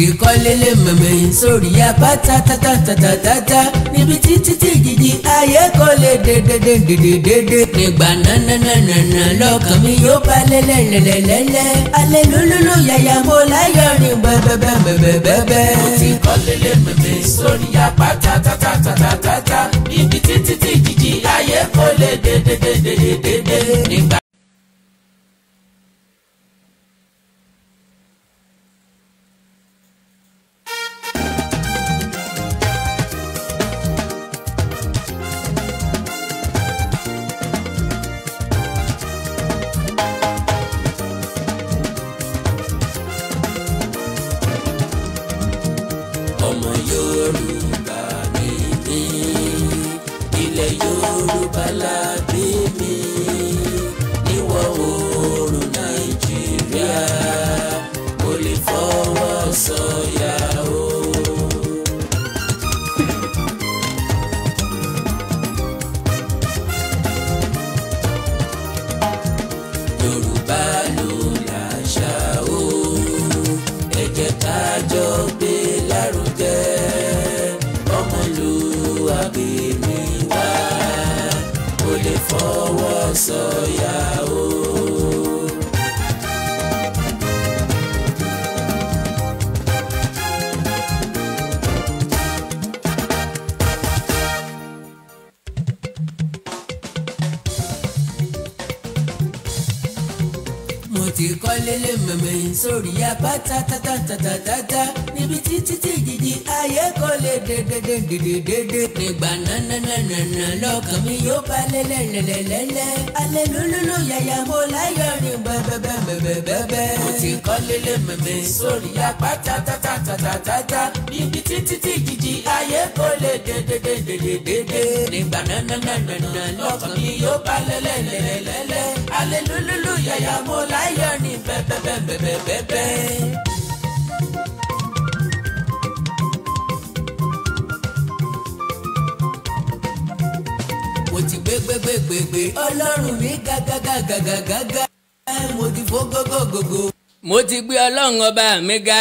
òkè kọ́lélé mẹ̀mẹ̀ sórí apáta tatatatata níbi títí tí gidi ayé kò lè dédédédédédé. nígbà nánánánánà lọ́kàn mi yóò bá lẹ́lẹ́lẹ́lẹ́lẹ́ alẹ́ lólóló yàyà mo láyọ̀ ní bẹ́ẹ̀bẹ́ẹ̀bẹ́ẹ̀bẹ́ẹ̀. òkè kọ́lélé mẹ̀mẹ̀ sórí apáta tatatatata níbi títí tí gidi ayé kò lè dédédédédédé. nígbà jẹ́ ká jọ gbé lárugẹ ọmọlúwàbí mi wá kó lè fọwọ́ sọ̀yà. sórí apá tatatatata jìbìtì títí jìjì ayé kò lè dédédédédédé. nígbà nánánánánà lọ́kàn mi yóò bá lẹ́lẹ́lẹ́lẹ́lẹ́. alẹ́ lólóló yàyà mo láyọ̀ ní bẹ́ẹ̀bẹ́ẹ̀bẹ́ẹ̀bẹ́ẹ̀. mo ti kọ́ lélẹ̀ mẹ̀mẹ́ sórí apá tatatatata. jìbìtì títí jìjì ayé kò lè dédédédédédé. nígbà nánánánánà lọ́kàn mi yóò bá lẹ́lẹ́lẹ́lẹ́lẹ́. alẹ́ lólóló yàyà mo láyọ̀ ní bẹ́ẹ̀bẹ́ẹ̀bẹ́ẹ̀bẹ́ẹ̀. gbégbégbégbé ọlọ́run mi gàgàgàgàgàgà mo ti fò gógógógó. mo ti gbé ọlọ́run ọba mi ga.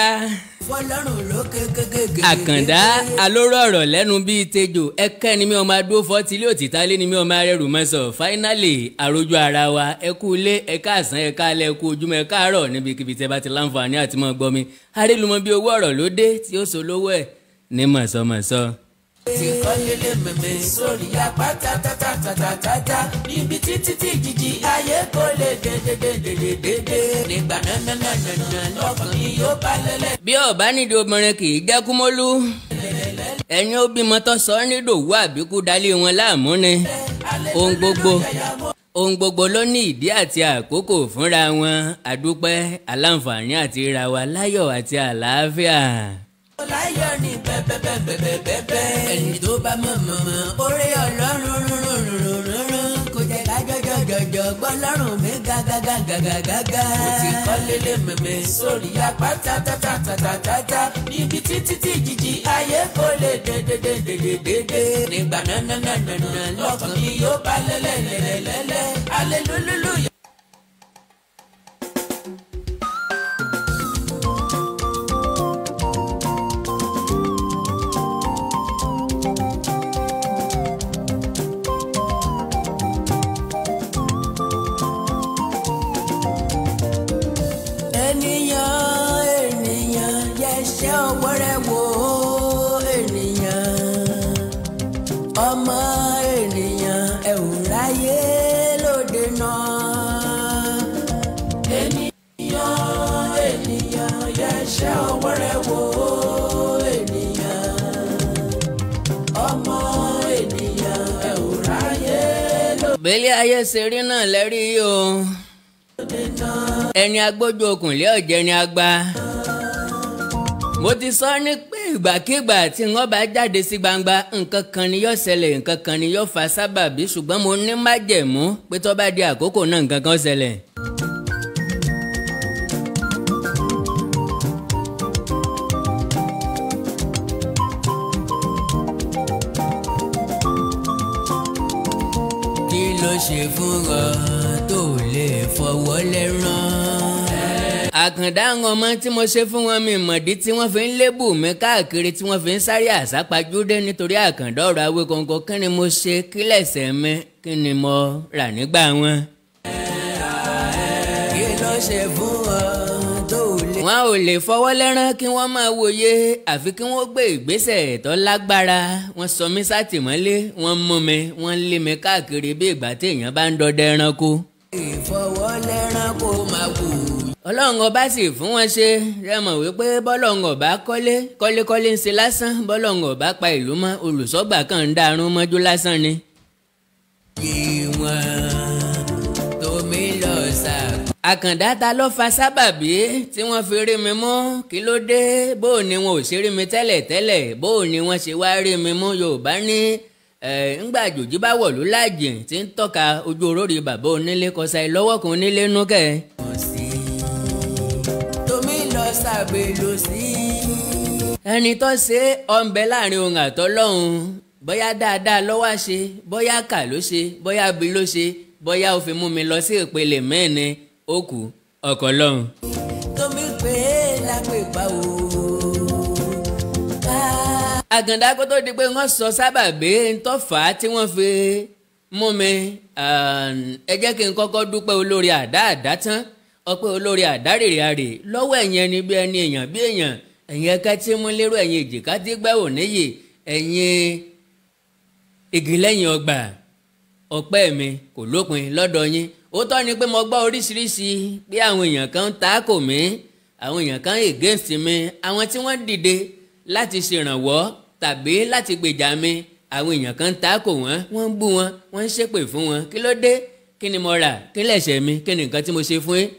fọlọ́run lókè kékèké. àkàndá alóró ọ̀rọ̀ lẹ́nu bíi tejò ẹ̀kẹ́ ni mi ọmọ adó fọ́tí ilé òtítà lé ni mi ọmọ arẹ́rù mọ́sọ̀ fáínàlì àròjọ ara wa ẹ kú ilé ẹ káàsán ẹ káalẹ́ ẹ kú ojúmọ́ ẹ káàárọ̀ níbikíbi tẹ́ bá ti láǹfààní àti mọ́ gbọ́ mi bíi owó ọ̀rọ̀ ló dé tí ó so lówó ẹ̀ ní mọ̀sọ̀mọ̀sọ̀ tí kan lélẹ̀ mẹ̀mẹ́ sórí apá tatatatata níbi títí tí jìjì ayé kò lè dédédédédédé nígbà nánánánáná lọ́kùnrin yóò bá lẹ́lẹ̀. bí ọba nídìí obìnrin kì í jẹ́ kúmọ́lú ẹni ó bímọ tó sọ ọ́ nídòwú àbíkú dalé wọn láàmú ni ohun gbogbo ohun gbogbo ló ní ìdí àti àkókò fúnra wọn àdúpẹ́ aláǹfààní àti ìra láyọ̀ àti àlàáfíà láyọ̀ ní bẹ́ẹ̀bẹ́ẹ̀bẹ́ẹ̀bẹ́ẹ̀bẹ́. ẹni tó bá mọ̀ mọ̀ mọ̀ orí ọlọ́run rúnrúnrúnrún kò jẹ́ ká jọjọjọjọ gbọ́ lọ́rùn mi gágágágágágá. mo ti kọ́ lélẹ̀ mẹ̀mẹ́ sórí apá tátátátátátá níbi títí tí jìjì ayé kò lè dédédédédédé. nígbà nánánánáná lọ́kàn mi yóò bá lẹ́lẹ́lẹ́lẹ́lẹ́ alẹ́ lólúlú ayé ṣe náà lẹ́rí o ẹni agbójú okùn lé ọ̀jẹ̀ ni a gba mo ti sọ ní pé ìgbàkigbà tí wọ́n bá jáde sí gbangba nǹkan kan ni yóò ṣẹlẹ̀ nǹkan kan ni yóò fa sábàbí ṣùgbọ́n mo ní májẹ̀mú pé tó bá di àkókò náà nǹkan kan ṣẹlẹ̀. ṣe fúnra tó lè fọwọ́ lẹ́rán àkàndá àwọn ọmọ tí mo ṣe fún wọn mi mọ̀dí tí wọ́n fi ń lébù mi káàkiri tí wọ́n fi ń sáré àsápajúdé nítorí àkàndá ọ̀rọ̀ Awikonko kí ni mo ṣe kí lẹ̀ṣẹ̀ mi kí ni mo rà nígbà wọn. kí ló ṣe fún ọ àwọn ò lè fọwọ́ lẹ́rán kí wọ́n máa wòye àfi kí wọ́n gbé ìgbésẹ̀ tó lágbára wọ́n sọ mí sátìmọ́lé wọ́n mú mi wọ́n lé mi káàkiri bí ìgbà téèyàn bá ń dọdẹ ẹranko. ìfọwọ́ lẹ́rán kó máa wò. ọlọ́run ọba sì fún wọn ṣe rẹ wípé bọ́lọ́run ọba kọ́lé kọ́lékọ́lé ń ṣe lásán bọ́lọ́run ọba pa ìlú mọ́ olùsọ́gbà kan ń darun mọ́jú lásán ni. ìwọ̀n tómi lọ sáà àkàndá ta ló fa sábàbí tí wọ́n fi rí mi mú kí ló dé bó ni wọn ò ṣe rí mi tẹ́lẹ̀ tẹ́lẹ̀ bó ni wọ́n ṣe wá rí mi mú yorùbá ní ńgbà jòjì bá wọ̀ ló láàjì tí ń tọ́ka ojú orórì bàbá onílé kọsá ìlọ́wọ́ kan onílé nú tomi lọ sàbẹ̀lò sí ẹni tó ṣe ọ̀nbẹ láàrin òun àtọ́lọ́hun bóyá dáadáa ló wá bóyá kà ló ṣe bóyá bí ló ṣe bóyá ó fi mú mi lọ sí ìpele mẹ́ẹ̀ni ó kù ọkọ̀ lọ́hùn. tómi pé lápè pa o. àgàndá kó tó di pé wọ́n sọ sábàbí ntọ́fà tí wọ́n fi mú mi um, ẹ jẹ́ kí n kọ́kọ́ dúpẹ́ olórí àdá àdá tán ọpẹ́ olórí àdá rèrè àrè lọ́wọ́ ẹ̀yin ẹni bí ẹni èèyàn bí èèyàn ẹ̀yin ẹ̀ka tí mú lérò ẹ̀yin èjìká tí gbẹ́ níyì ẹ̀yin igi ọgbà ọpẹ́ mi kò lópin lọ́dọ̀ yín òótọ́ ni pé mo gbọ́ oríṣiríṣi pé àwọn èèyàn kan ń ta kò mí àwọn èèyàn kan against mi àwọn tí wọ́n dìde láti ṣèrànwọ́ tàbí láti gbèjà mi àwọn èèyàn kan ń ta kò wọ́n wọ́n ń bú wọn wọ́n ń ṣépè fún wọn kí ló dé kí ni mo rà kí lẹ̀ṣẹ̀ mi kí ni nǹkan tí mo ṣe fún yín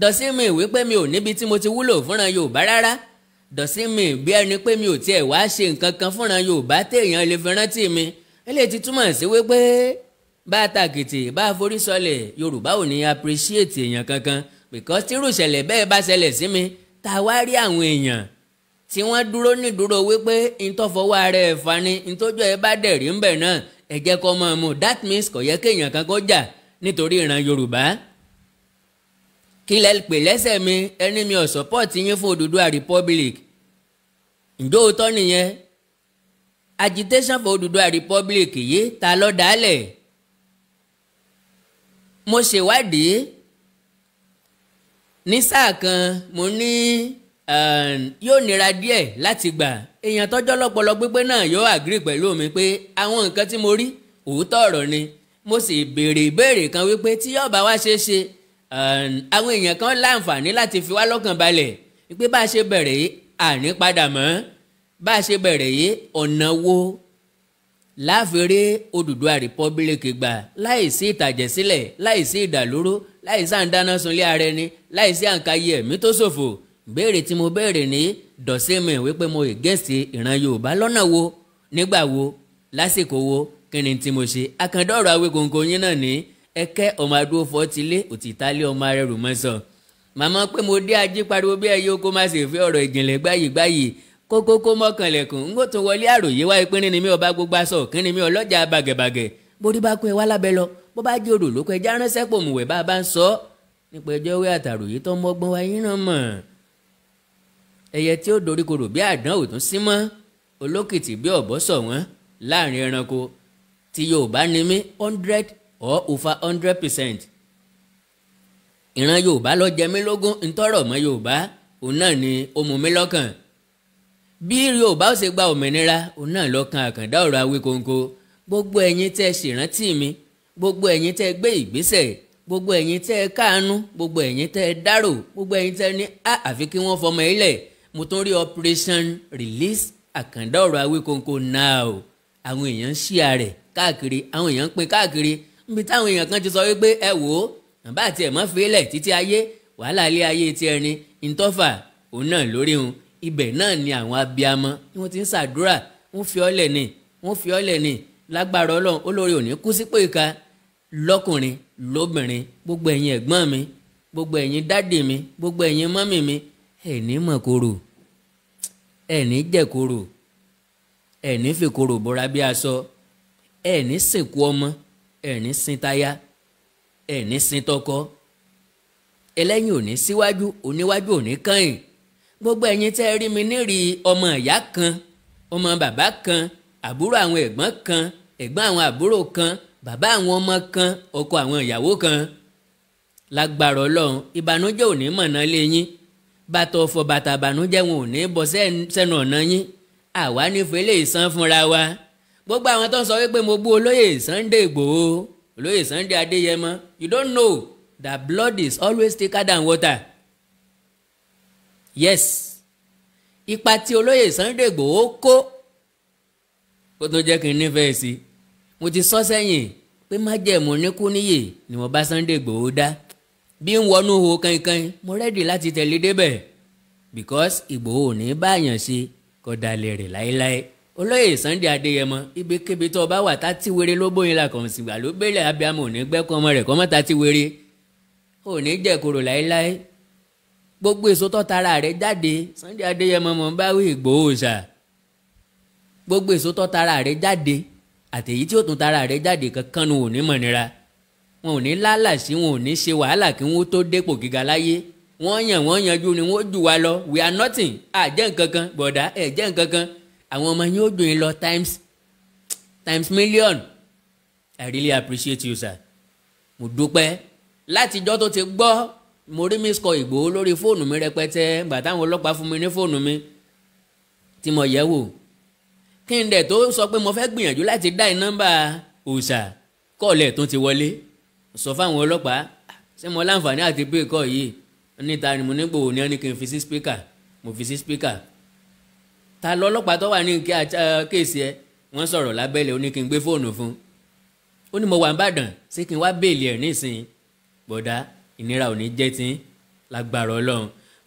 dọ̀sí mi ìwé pé mi ò níbi tí mo ti wúlò fúnra Yorùbá rárá dọ̀sí mi bí ẹni pé mi ò tiẹ̀ wá ṣe nǹkan kan fúnra Yorùbá téèyàn lè fi rántí mi eléyìí ti túmọ̀ sí wípé bá a tàkìtì bá a forí sọlẹ̀ yorùbá ò ní appreciate èèyàn kankan because tírú ìṣẹ̀lẹ̀ bẹ́ẹ̀ bá ṣẹlẹ̀ sí mi tá a wá rí àwọn èèyàn tí wọ́n dúró nídúró wípé ntọ́fọwọ́ ara ẹ̀ fani ntọ́jọ́ ẹ bá dẹ̀rí ń bẹ̀ náà ẹ jẹ́ kó máa mú that means kò yẹ kéèyàn kan kó jà nítorí ìran yorùbá kí lẹ pè lẹ́sẹ̀ mi ẹni mi ò support yín fún Odùduwà republic ǹjọ́ òótọ́ nìyẹn agitation for Odùduwà republic yìí ta ló dálẹ̀ mo ṣèwádìí ní sáà kan mo ní ehm, yóò nira díẹ̀ láti gbà èèyàn tọ́jọ́ lọ́pọlọ pípé náà yóò àgírí pẹ̀lú mi pé àwọn nǹkan tí mo rí òótọ́ ọ̀rọ̀ ni mo sì béèrè ìbéèrè kan wípé tí yóò bá wá ṣeé ṣe ehm, àwọn èèyàn kan láǹfààní láti fi wá lọ́kàn balẹ̀ pé bá a ṣe bẹ̀rẹ̀ yìí àní padà mọ́ bá a ṣe bẹ̀rẹ̀ yìí ọ̀nà wo láfẹ́rẹ́ Odùduwà rìpọ́bílíkì gbà láìsí ìtàjẹ̀sílẹ̀ láìsí ìdàlúrú láìsí àǹdáná sunlé ara ẹni láìsí àǹkayé ẹ̀mí tó ṣòfò béèrè tí mo béèrè ní dọ̀sẹ́mẹ̀ wípé mo ègẹ́sì ìran Yorùbá lọ́nà wo nígbà wo lásìkò wo kí ni tí mo ṣe akandọ́rọ̀ Awíkonko yín náà ní ẹkẹ́ ọmọ adúró fọ́ ti lé òtítà lé ọmọ arẹrù mọ́sàn màmá pé mo dé ají pariwo bí ẹyẹ oko má sì fi ọ̀rọ̀ ìjìnlẹ̀ gbáyìí gbáyìí kókókó mọ́kànlẹ̀kùn ń gò tó wọlé àròyé wáyé pínrín ni mi ọba gbogbo aṣọ òkínrin mi ọlọ́jà bàgẹ̀bàgẹ̀ borí bá kún ẹ wá lábẹ́ lọ bó bá jẹ́ odò lóko ẹja ránṣẹ́ pò mùwẹ̀ bá a bá ń sọ ọ́ nípa ẹjọ́ wé àtàròyé tó mọ́gbọ́n wa náà mọ̀ ẹyẹ tí ó dorí kodò bí àdán ò tún sí mọ́ olókìtì bí ọ̀bọ sọ wọ́n láàrin ẹranko tí Yorùbá ni mí hundred or over hundred percent ìran Yorùbá ló jẹ mí lógún ntọ́rọ̀ mọ́ Yorùbá òun náà ni ó mú mi lọ́kàn bí yorùbá ó ṣe gba òmìnira òun náà lọ́kàn àkàndá ọ̀rọ̀ Awíkonko gbogbo ẹ̀yin tẹ́ ẹ ṣèrántí mi gbogbo ẹ̀yin tẹ́ ẹ gbé ìgbésẹ̀ gbogbo ẹ̀yin tẹ́ ẹ káàánú gbogbo ẹ̀yin tẹ́ ẹ dárò gbogbo ẹ̀yin tẹ́ ẹ ní a àfi kí wọ́n fọmọ ilẹ̀ mo tún rí operation release àkàndá ọ̀rọ̀ Awíkonko now àwọn èèyàn ń ṣíà rẹ̀ káàkiri àwọn èèyàn ń pín káàkiri níbi táwọn èèyàn kan ti sọ wípé ẹ wò ó àbá àti ẹ̀mọ́ fi ilẹ̀ títí ayé wàhálà ilé ayé ti ẹni ìtọ́fà òun náà lórí òun ibẹ̀ náà ni àwọn abiyamọ ni wọ́n ti ń ṣàdúrà wọ́n fi ọlẹ̀ ni wọ́n fi ọlẹ̀ ni lágbára ọlọ́run olórí òní kú sípò ìka lọ́kùnrin lóbìnrin gbogbo ẹ̀yin ẹ̀gbọ́n mi gbogbo ẹ̀yin dádì mi gbogbo ẹ̀yin mọ́mì mi ẹ̀ní mọ̀kòrò ẹ̀ní jẹ̀kòrò ẹ̀ní fìkòrò bóra bí aṣọ ẹ̀ní sìnkú ọmọ ẹ̀ní sin táyà ẹ̀ní sin tọkọ ẹlẹ́yìn òní síwájú oníwájú òní kàn yìí gbogbo ẹ̀yin tẹ́ rí mi nírí ọmọ ìyá kan ọmọ bàbá kan àbúrò àwọn ẹ̀gbọ́n kan ẹ̀gbọ́n àwọn àbúrò kan bàbá àwọn ọmọ kan ọkọ àwọn ìyàwó kan lágbára ọlọ́run ìbànújẹ́ ò mọ̀nà lé yín bàtà ọ̀fọ̀ bàtà ìbànújẹ́ wọn ò ní bọ́ sẹ́nu ọ̀nà yín àwa nífẹ̀ẹ́ lè san fúnra wa gbogbo àwọn tó ń sọ wípé mo bú olóyè Sunday Igboho olóyè Sunday Adéyẹmọ you don't know that blood is always thicker than water yes ipa tí olóyè Sunday Igboho kó kó tó jẹ́ kí n nífẹ̀ẹ́ sí i mo ti sọ sẹ́yìn pé májẹ̀mú níkú níyè ni mo bá Sunday Igboho dá bí ń wọnú ho kankan mo rẹ́dì láti tẹ̀lé débẹ̀ because Igboho ò ní báyàn ṣe kó dalẹ̀ rẹ̀ láéláé olóyè Sunday Adéyẹmọ ibikíbi tó o bá wà tátí wéré ló bóyin la kàn sígbà ló bẹ̀rẹ̀ abiyamọ ò ní gbẹ́kọ̀ ọmọ rẹ̀ kọ́mọ́ta ti wéré ò ní jẹ́ kúrò láéláé gbogbo èso tó tara rẹ̀ jáde Sunday Adéyẹmọ mọ̀ ń bá wí Ìgbòho ṣá gbogbo èso tó tara rẹ̀ jáde àtẹ̀yí tí ó tún tara rẹ̀ jáde kankan nu ò ní mọ̀nira wọn ò ní lálàsí wọn ò ní ṣe wàhálà kí wọn tó dépò gíga láyé wọn yàn wọn yanjú ni wọn jù wá lọ we are nothing àjẹ́ nkankan bọ̀dá ẹ̀jẹ̀ nkankan àwọn ọmọ yín ó dùn yín lọ times times million I really appreciate you sir mo dúpẹ́ látijọ́ tó ti gbọ́ mo rí miss call Ìgbòho lórí fóònù mi rẹpẹtẹ gbà táwọn ọlọ́pàá fún mi ní fóònù mi tí mo yẹ̀ wò kí n dẹ̀ tó sọ pé mo fẹ́ gbìyànjú láti dá nọ́mbà òòṣà kọ́ọ̀lẹ̀ tó ti wọlé sọ fáwọn ọlọ́pàá ah, ṣé mo láǹfààní àti pé kọ́ yìí níta ni mo ní Ìgbòho ní ẹni kí n fi sí spíkà mo fi sí spíkà ta lọ ọlọ́pàá tó wà ní kéèsì ẹ wọ́n sọ̀rọ̀ lábẹ́lẹ̀ ó ní kí n gbé fóònù fún ó ní mo wà ń bàdàn ṣé kí n wá béèlì ẹ̀ nísìnyí bọ̀dá ìnira ò ní jẹ́ tí lágbára ọlọ́run.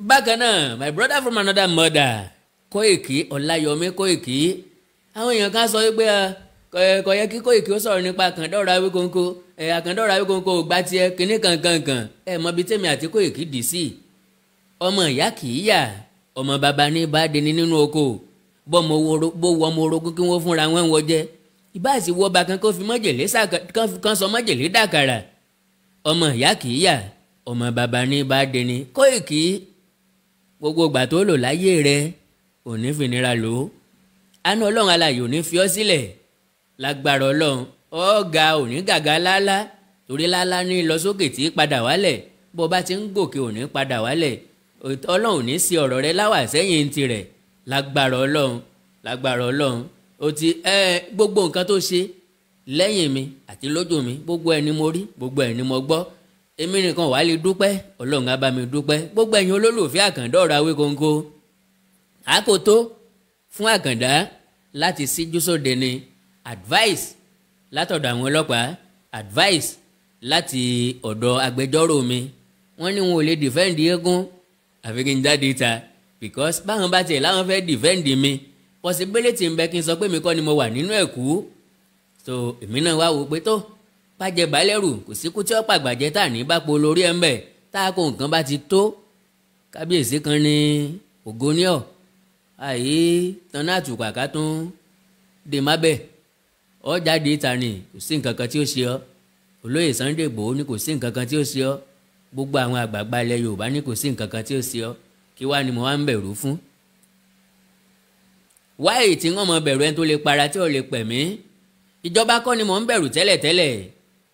bákan náà my brother from another mother Koiki Ọláyọmí Koiki àwọn èèyàn kan sọ wípé kò yẹ kí Koiki ó sọ̀rọ̀ nípa Àkàndọ̀rọ̀ Awíkóńkó Àkàndọ̀rọ̀ Awíkóńkó ò gbá tiẹ̀ kínní kankankan ẹ mọ ibi tèmi àti Koiki dì sí ọmọ ìyá kì í yà ọmọ bàbá ní bá deni nínú oko bọ́mọ bó wọ ọmọ orogún kí wọ́n fúnra wọn wọ jẹ ìbáàsì wọ bàkan kó fi mọ́jèlé kan sọ mọ́jèlé dàkàrà ọmọ ìyá kì í yà ọmọ bàbá ní bá dẹni Kóìkí gbogbo ìgbà tó lò láyé rẹ ò ní fìnira lò ó àánú ọlọ́run alààyè ò ní fi ọ́ sílẹ̀ lágbára ọlọ́run ọ̀gá ò ní gàgà lálá torí lálá ní lọ sókè tí padà wálẹ̀ bó bá ti ń gòkè ò padà wálẹ̀ ọlọ́run ní sí ọ̀rọ̀ rẹ láwà sẹ́yìn tirẹ̀ lágbára ọlọ́run lágbára ọlọ́run ó ti ẹ gbogbo nǹkan tó ṣe lẹ́yìn mi àti lójú mi gbogbo ẹni mo rí gbogbo ẹni mo gbọ́ èmi nìkan wàá lè dúpẹ́ ọlọ́run á bá mi dúpẹ́ gbogbo ẹ̀yin olólùfẹ́ àkàndá ọ̀rọ̀ awé kóńkó àkótó fún àkàndá láti síjú sóde ni advice látọ̀dọ̀ àwọn ọlọ́pàá advice láti ọ̀dọ̀ agbẹjọ́rò mi wọ́n ní wọn ò lè dìfẹ́ǹdì eégún àfi kí n jáde ta because báwọn bá tiẹ̀ láwọn fẹ́ dìfẹ́ǹdì mi possibility ń bẹ kí n sọ pé mi kọ́ ni mo wà nínú ẹ̀kú so èmi náà wá wò pé tó bàjẹ́ balẹ̀rù kò sí kú tí ó pàgbàjẹ́ tà ní bápo lórí ẹ̀ ń bẹ̀ tá a kó nǹkan bá ti tó kábíyèsí kan ní ògóníọ̀ àyè tanná àtùpà ká tún dè má bẹ̀ ọ jáde ìta ni kò sí nǹkan kan tí ó ṣe ọ́ olóyè Sunday Igboho ní kò sí nǹkan kan tí ó ṣe ọ́ gbogbo àwọn àgbààgbà ilẹ̀ Yorùbá ní kò sí nǹkan kan tí ó ṣe ọ́ kí wàá ni mo wá ń bẹ̀rù fún wáyé tí wọ́n mọ bẹ̀rù ẹni tó lè para tí ò lè pẹ̀mí ìjọba kọ́ ni mò ń bẹ̀rù tẹ́lẹ̀tẹ́lẹ̀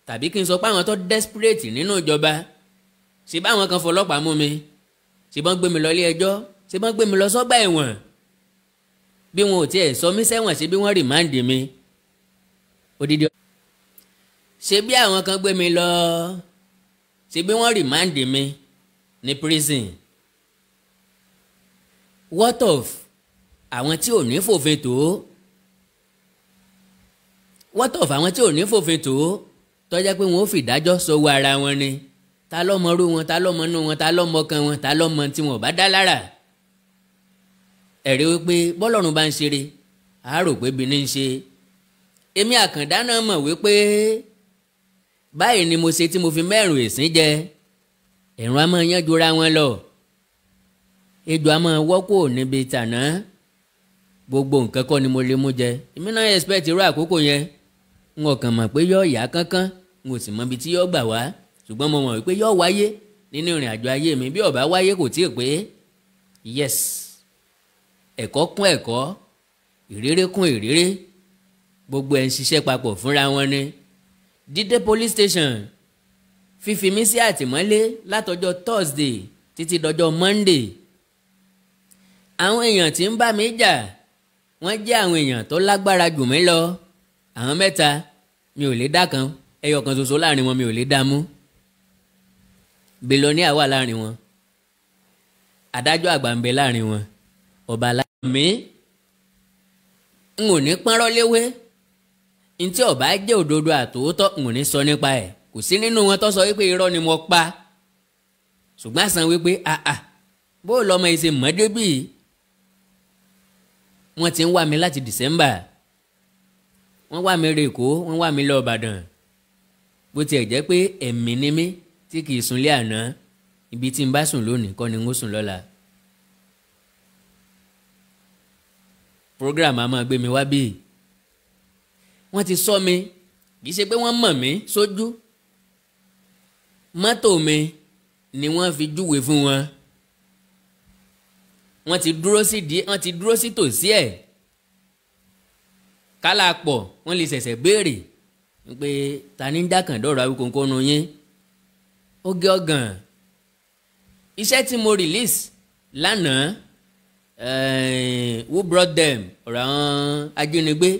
tàbí kí n sọ pé àwọn tó desperate nínú ìjọba ṣe báwọn kan fọlọ́pàá mú mi ṣe bọ́n gbé mi lọ ilé ẹjọ́ ṣe bọ́n gbé mi lọ sọ́gbà ẹ̀wọ̀n bí wọn ò tiẹ̀ sọ mí sẹ́wọ̀n ṣe bí wọ́n rìmáǹdì mi odidi ṣe bí àwọn kan gbé mi lọ ṣe bí wọ́n rìmáǹdì mi ní prison what of àwọn tí ò ní fòfin tó what of àwọn tí ò ní fòfin tó tó jẹ́ pé wọn ò fìdájọ́ sọ́wọ́ ara wọn ni ta lọ́mọ rú wọn ta lọ́mọ nú wọn ta lọ́mọ kan wọn ta lọ́mọ tí wọn ò bá dá lára ẹ̀rí wípé bọ́lọ́run bá ń ṣeré a rò pé bí ní ń ṣe èmi àkàndá náà mọ̀ wípé báyìí ni mo ṣe tí mo fi mẹ́rùn ìsín jẹ ẹ̀rùn a máa yanjú ra wọn lọ ejò a máa wọ́kọ̀ níbi tàná gbogbo nǹkan kọ́ ni mo lè mú jẹ èmi náà expect irú àkókò yẹn n ò kàn mọ̀ pé yọ ìyá kankan n ò sì mọ ibi tí yọ gbà wá ṣùgbọ́n mo mọ̀ wípé yọ wáyé nínú ìrìn àjò ayé mi bí ó wáyé kò tíì pé yes ẹ̀kọ́ kún ẹ̀kọ́ ìréré kún ìréré gbogbo ẹ̀ ń ṣiṣẹ́ papọ̀ fúnra wọn ni dídé police station fífi mí sí àtìmọ́lé látọjọ́ Thursday títí dọjọ́ Monday àwọn èèyàn tí ń bá mi jà wọ́n jẹ́ àwọn èèyàn tó lágbára jù mí lọ àwọn mẹ́ta mi ò lè dá kan ẹyọ kan ṣoṣo láàrin wọn mi ò lè dá mú bílíọ̀nìà wà láàrin wọn adájọ́ àgbà ń bẹ láàrin wọn ọba aláàbò mi n ò ní pọ́nrọ́ léwé ntí ọba jẹ́ òdodo àtòótọ́ n ò ní sọ nípa ẹ̀ kò sí nínú wọn tó sọ wípé irọ́ ni mo pa ṣùgbọ́n àsan wípé àà bó lọ́mọ yìí ṣe mọ́ débì wọ́n ti ń wá mi láti December wọ́n wá mi rè kó wọ́n wá mi lọ Ìbàdàn bó tiẹ̀ jẹ́ pé ẹ̀mí ni mí tí kì í sunlé àná ibi tí n bá sùn lónìí kọ́ ni n ó sùn lọ́la. program a máa gbé mi wá bíi wọ́n ti sọ mi kì í ṣe pé wọ́n mọ̀ mí sójú mọ́tò mi ni wọ́n fi júwe fún wọn wọ́n ti dúró sí di wọ́n ti dúró sí tòsí ẹ̀ kálá pọ̀ wọ́n lè ṣẹ̀ṣẹ̀ béèrè pé ta ni ń dákàndọ̀rọ̀ Awíkonko nu yín ó gé ọ̀gàn iṣẹ́ tí mo release lánàá eh, who brought them ọ̀rọ̀ àwọn ajínigbé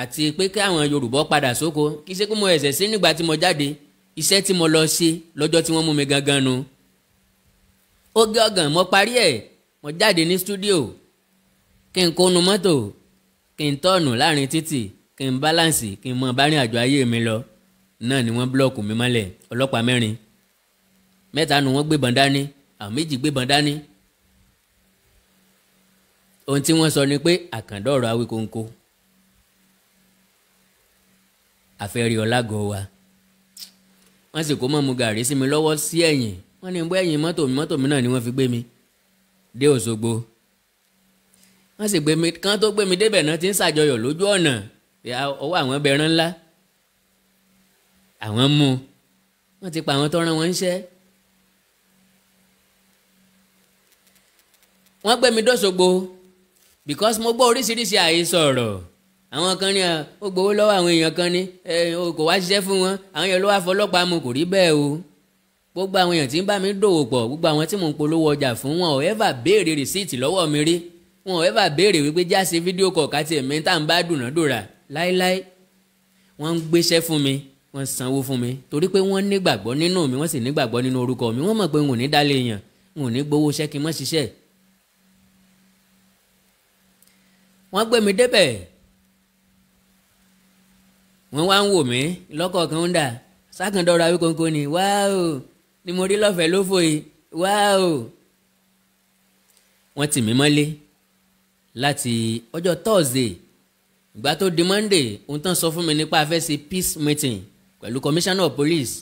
àti pé kí àwọn Yorùbá padà sóko kì í ṣe pé mo ẹ̀sẹ̀ sí nígbà tí mo jáde iṣẹ́ tí mo lọ ṣe lọ́jọ́ tí wọ́n mú mi gangan nu ó gé ọ̀gàn mo parí ẹ̀ mo jáde ní studio kí n kó nu mọ́tò kí n tọ́ọ̀nù láàrin títì kí n báláǹsì kí n mọ bárìn àjọ ayé mi lọ náà ni wọ́n búlọ́ọ̀kù mi mọ́lẹ̀ ọlọ́pàá mẹ́rin mẹ́ta nu wọ́n gbébọn dání àwọn méjì gbébọn dání ohun tí wọ́n sọ ni pé àkàndá ọ̀rọ̀ Awíkonko àfẹ́rí ọlágọ̀ wa wọ́n sì kó mọ́ mu gàrí sí mi lọ́wọ́ sí ẹ̀yìn wọ́n ní bọ́ ẹ̀yìn mọ́tò mi mọ́tò mi náà ni wọ́n fi gbé mi dé Òṣogbo wọ́n sì gbé mi kán tó gbé mi débẹ̀ náà ti ń ṣàjọyọ̀ lójú ọ̀nà ọwọ́ àwọn bẹ̀rẹ̀ ńlá àwọn mú wọ́n ti pa àwọn tó rán wọn níṣẹ́. wọ́n gbé mi dọ́sọ̀gbò because mo gbọ́ oríṣiríṣi àhesọ ọ̀rọ̀ àwọn kan ní ó gbowó lọ́wọ́ àwọn èèyàn kan ní kò wá ṣiṣẹ́ fún wọn àwọn èèyàn ló wá fọlọ́pàá mu kò rí bẹ́ẹ̀ o gbogbo àwọn èèyàn tí ń bá mi dòwò pọ̀ gbogbo àwọn tí mò ń polówó ọjà fún wọn ò ẹ́fà béèrè rìsíìtì lọ́wọ́ mi rí wọn ò ẹ́fà béèrè wípé já ṣe fídíò kọ̀ ká tiẹ̀ mẹ́ta ń bá dùnàdùnrà láéláé wọ́n ń gbéṣẹ́ fún mi wọ́n sanwó fún mi torí pé wọ́n nígbàgbọ́ nínú mi wọ́n sì nígbàgbọ́ nínú orúkọ mi wọ́n mọ̀ pé n ò ní dálé èèyàn n ò ní gbowó iṣẹ́ kí n mọ̀ ṣiṣẹ́. wọ́n gbé mi débẹ̀ wọ́n wá ń wò mí lọ́kọ̀ọ̀kan ń dà sákàndọ́rọ̀ awíkóńkó ni wáò ni mo rí lọ́fẹ̀ẹ́ lófò yìí wáò wọ́n tì mí mọ́lé láti ọjọ́ thursday ìgbà tó di monday ohun tán sọ fún mi nípa a fẹ́ ṣe peace meeting pẹ̀lú commissioner of police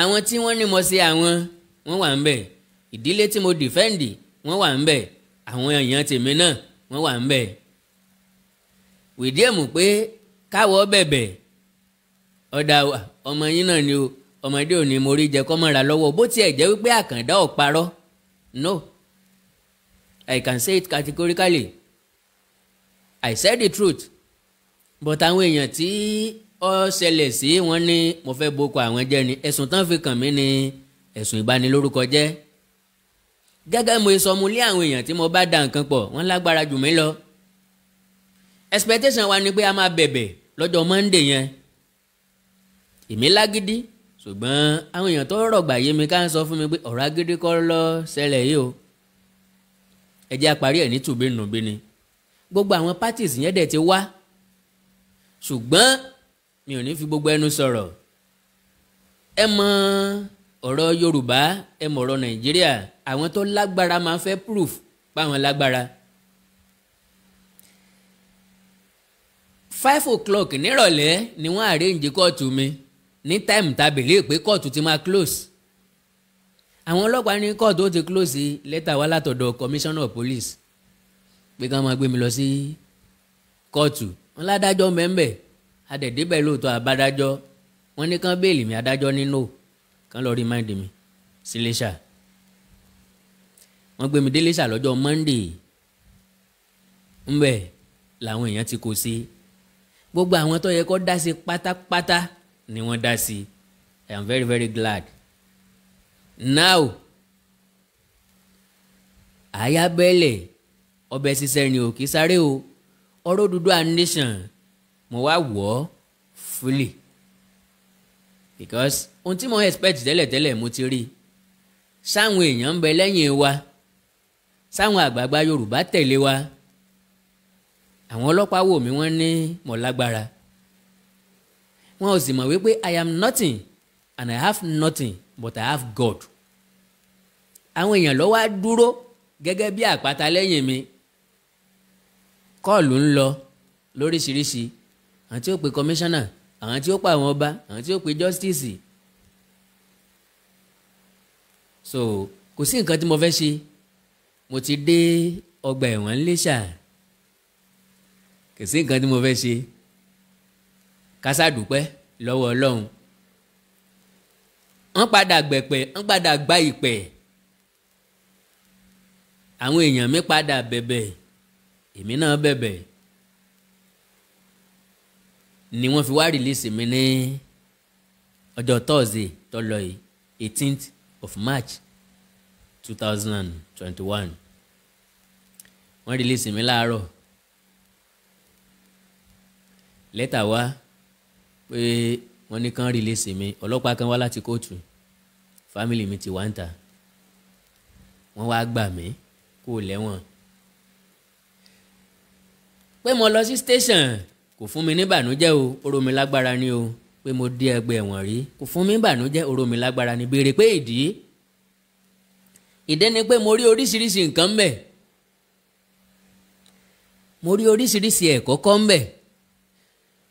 àwọn tí wọ́n ní mo ṣe àwọn wọ́n wà ń bẹ̀ ìdílé tí mo dìfẹ́ǹdì wọ́n wà ń bẹ̀ àwọn èèyàn tèmi náà wọ́n wà ń bẹ̀ wìdí èmù pé káwọ́ bẹ̀bẹ̀ ọ̀dà ọmọ yín náà ni o ọmọdé ò ní mo rí jẹ kọ́ mọ́ra lọ́wọ́ bó tiẹ̀ jẹ́ wípé àkàndá ò parọ́ no I can say it categorically I said the truth but àwọn èèyàn tí ó ṣẹlẹ̀ sí wọn ní mo fẹ́ boko àwọn jẹ́ ni ẹ̀sùn tán fi kàn mí ni ẹ̀sùn ìbanilórúkọ jẹ́ gẹ́gẹ́ mo sọ mo lé àwọn èèyàn tí mo bá da nǹkan pọ̀ wọ́n lágbára jù mí lọ expectation wa ni pé a máa bẹ̀bẹ̀ lọ́jọ́ Monday yẹn èmi lágídí ṣùgbọ́n àwọn èèyàn tó rọ̀gbà yé mi ká ń sọ fún mi pé ọ̀rọ̀ agídí kọ́ ló ṣẹlẹ̀ yìí o ẹ jẹ́ àparí ẹ̀ ní tùbínùbíni gbogbo àwọn parties yẹn dẹ̀ ti wá ṣùgbọ́n mi ò ní fi gbogbo ẹnu sọ̀rọ̀ ẹ mọ ọ̀rọ̀ Yorùbá ẹ mọ ọ̀rọ̀ Nàìjíríà àwọn tó lágbára máa fẹ́ proof páwọn lágbára. five o'clock nírọ̀lẹ́ ni wọ́n arrange kóòtù mi ní time tàbí pé kóòtù ti máa close àwọn ọlọ́pàá ní court ó ti close lẹ́tà wá látọ̀dọ̀ commissioner of police pé ká máa gbé mi lọ sí kóòtù wọn ládájọ́ mẹ́ńbẹ̀ adẹ̀dẹ́bẹ̀ lóòótọ́ àbádájọ́ wọn ní kán béèlì mi adájọ́ nínú kán lọ remind mi sí Iléṣà wọn gbé mi dé Iléṣà lọ́jọ́ Monday ńbẹ̀ làwọn èèyàn ti kò sí gbogbo àwọn tó yẹ kó dá sí pátápátá ni wọ́n dá sí I am very very glad now àyábẹ́lẹ̀ ọbẹ̀ ṣiṣẹ́ ni ò kí sáré o ọ̀rọ̀ Odùduwà nation mo wá wọ̀ ọ́ fully because ohun tí mo expect tẹ́lẹ̀tẹ́lẹ̀ mo ti rí sáwọn èèyàn ń bẹ lẹ́yìn wa sáwọn àgbààgbà Yorùbá tẹ̀lé wa àwọn ọlọ́pàá wò mí wọ́n ní mo lágbára wọn ò sì mọ̀ wípé I am nothing and I have nothing but I have God àwọn èèyàn ló wá dúró gẹ́gẹ́ bí àpáta lẹ́yìn mi kọ́ọ̀lù ń lọ lóríṣiríṣi àwọn tí ó pe kọmíṣánná àwọn tí ó pa àwọn ọba àwọn tí ó pe justice so kò sí nǹkan tí mo fẹ́ ṣe mo ti dé ọgbà ẹ̀wọ̀n ńlẹ́ṣà kò sí nǹkan tí mo fẹ́ ṣe ká lọ́wọ́ Ọlọ́run wọ́n padà gbẹ̀pẹ̀ wọ́n padà gba ìpẹ̀ àwọn èèyàn mi padà bẹ̀bẹ̀ èmi náà bẹ̀bẹ̀ ni wọ́n fi wá rìlíìsì mi ní ọjọ́ thursday tó lọ yìí eighteenth of march two thousand and twenty-one wọ́n rìlíìsì mi láàárọ̀ lẹ́tà wá pé wọ́n ní kán rìlíìsì mi ọlọ́pàá kan wá láti kóòtù family mi ti wá ń ta wọ́n wá gbà mí kó lẹ́wọ̀n pé mo lọ sí station kò fún mi ní ìbànújẹ́ o oró mi lágbára ni o pé mo dé ẹgbẹ́ ẹ̀wọ̀n rí kò fún mi ìbànújẹ́ oró mi lágbára ni béèrè pé ìdí ìdí ni pé mo rí oríṣiríṣi nǹkan mbẹ mo rí oríṣiríṣi ẹ̀kọ́ kọ́ mbẹ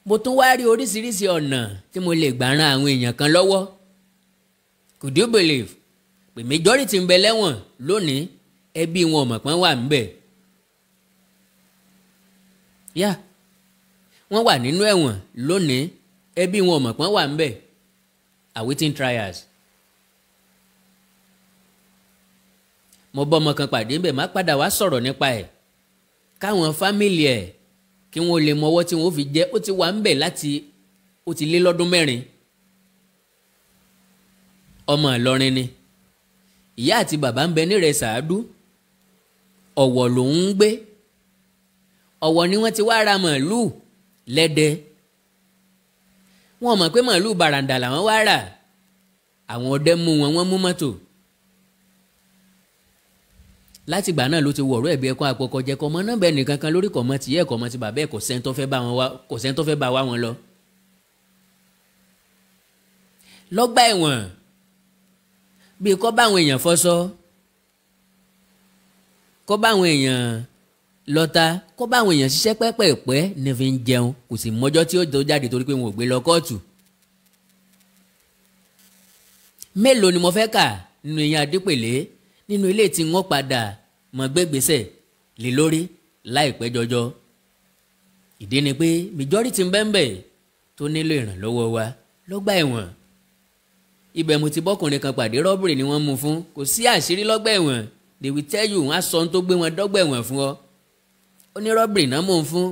mo tún wá rí oríṣiríṣi ọ̀nà tí mo lè gbà ran àwọn èèyàn kan lọ́wọ́ could you believe the majority ń bẹ lẹ́wọ̀n lónìí ẹbí wọn ọ̀mọ̀ pọ́n wà ń bẹ̀ yá wọ́n wà nínú ẹ̀wọ̀n lónìí ẹbí wọn ọ̀mọ̀ pọ́n wà ń bẹ̀ awaiting trials mo bọ́ ọmọ kan pàdé ń bẹ̀ má padà wá sọ̀rọ̀ nípa ẹ̀ káwọn fámìlì ẹ̀ kí wọ́n lè mọ ọwọ́ tí wọ́n fi jẹ́ ó ti wà ń bẹ̀ láti ó ti lé lọ́dún mẹ́rin ọmọ ìlọrin ni ìyá àti bàbá ń bẹ ní rẹ̀ sàádú ọ̀wọ̀ lòún ń gbé ọ̀wọ̀ ni wọ́n ti wá ra màálùú lẹ́dẹ̀ wọ́n mọ̀ pé màálùú bàràǹdà làwọn wá rà àwọn ọdẹ mú wọn wọ́n mú mọ́tò látìgbà náà ló ti wọ̀rọ̀ ẹ̀bí ẹ̀kọ́ àpọ̀kọ̀ jẹ́ kọ́mọ náà bẹ́ẹ̀ nìkan kan lórí kọ̀mọ́ tìyẹ́ kọ̀mọ́ ti bàbá ẹ̀ kò sẹ́ni fẹ́ bá wọn lọ lọ́gbà ẹ̀wọ̀n bíi kọ́ báwọn èèyàn fọṣọ kọ́ báwọn èèyàn lọ́ta kọ́ báwọn èèyàn ṣiṣẹ́ pẹ́pẹ́pẹ́ ní fi ń jẹun kò sì mọ́jọ́ tí ó tó jáde torí pé wọn ò gbé lọ kóòtù. mélòó ni mo fẹ́ kà nínú eyín adépèlé nínú ilé tí wọ́n padà mọ̀ gbégbèsè lé lórí láìpẹ́ jọjọ. ìdí ni pé majority ń bẹ́ńbẹ́ tó nílò ìrànlọ́wọ́ wa lọ́gbà ẹ̀wọ̀n ibẹ̀ mo ti bọ́kùnrin kan pàdé rọ́bìrì ni wọ́n mú fún kò sí àṣírí lọ́gbà ẹ̀wọ̀n they will tell you wọ́n á sọ ohun tó gbé wọn dọ́gbà ẹ̀wọ̀n fún ọ. ó ní rọ́bìrì náà mò ń fún